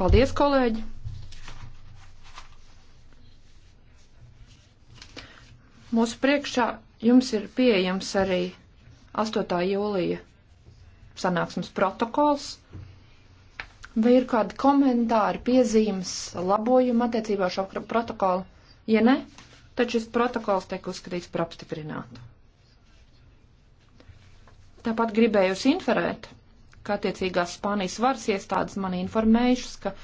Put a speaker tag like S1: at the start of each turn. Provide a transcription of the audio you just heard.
S1: Paldies, kolēģi! Mūsu priekšā jums ir pieejams arī 8. jūlija sanāksmes protokols. Vai ir kādi komentāri, piezīmes, labojumi attiecībā šo protokolu? Ja ne, tad šis protokols tiek uzskatīts par apstiprinātu. Tāpat gribēju jūs informēt, ka attiecīgās Spānijas varas
S2: iestādes man informējušas, ka